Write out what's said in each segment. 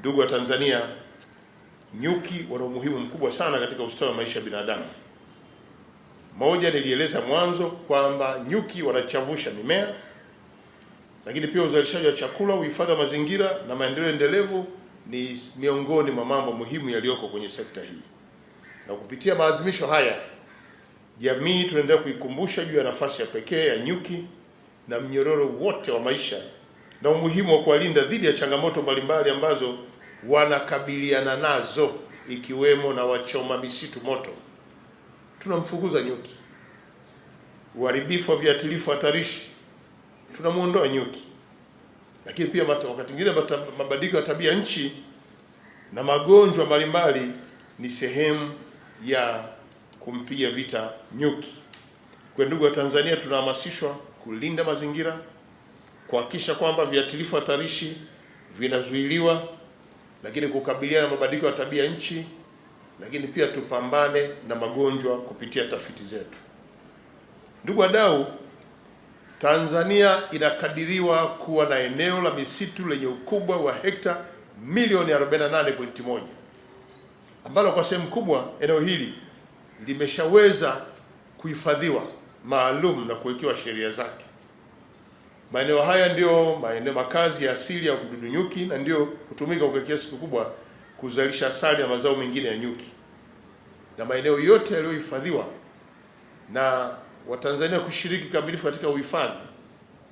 Ndugu wa Tanzania, nyuki wana umuhimu mkubwa sana katika ustawi wa maisha ya binadamu. Moja, nilieleza mwanzo kwamba nyuki wanachavusha mimea, lakini pia uzalishaji wa chakula, uhifadhi wa mazingira na maendeleo endelevu ni miongoni mwa mambo muhimu yaliyoko kwenye sekta hii. Na kupitia maazimisho haya, jamii tunaendelea kuikumbusha juu ya nafasi ya pekee ya nyuki na mnyororo wote wa maisha na umuhimu wa kuwalinda dhidi ya changamoto mbalimbali ambazo wanakabiliana nazo ikiwemo na wachoma misitu moto. Tunamfukuza nyuki. Uharibifu wa viatilifu hatarishi tunamwondoa nyuki, lakini pia wakati mwingine mabadiliko ya tabia nchi na magonjwa mbalimbali ni sehemu ya kumpiga vita nyuki. Kwa ndugu wa Tanzania, tunahamasishwa kulinda mazingira kuhakikisha kwamba viatilifu hatarishi vinazuiliwa, lakini kukabiliana na mabadiliko ya tabia nchi, lakini pia tupambane na magonjwa kupitia tafiti zetu. Ndugu wadau, Tanzania inakadiriwa kuwa na eneo la misitu lenye ukubwa wa hekta milioni 48.1 ambalo kwa sehemu kubwa eneo hili limeshaweza kuhifadhiwa maalum na kuwekewa sheria zake. Maeneo haya ndiyo maeneo makazi ya asili ya mdudu nyuki na ndiyo hutumika kwa kiasi kikubwa kuzalisha asali na mazao mengine ya nyuki. Na maeneo yote yaliyohifadhiwa na Watanzania kushiriki kikamilifu katika uhifadhi,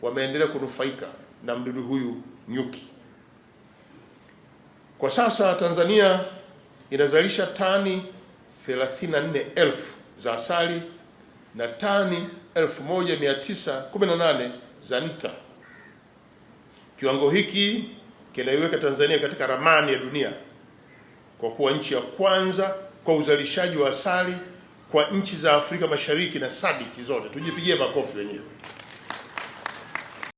wameendelea kunufaika na mdudu huyu nyuki. Kwa sasa Tanzania inazalisha tani 34,000 za asali na tani 1918 za nta. Kiwango hiki kinaiweka Tanzania katika ramani ya dunia kwa kuwa nchi ya kwanza kwa uzalishaji wa asali kwa nchi za Afrika Mashariki na sadiki zote. Tujipigie makofi wenyewe.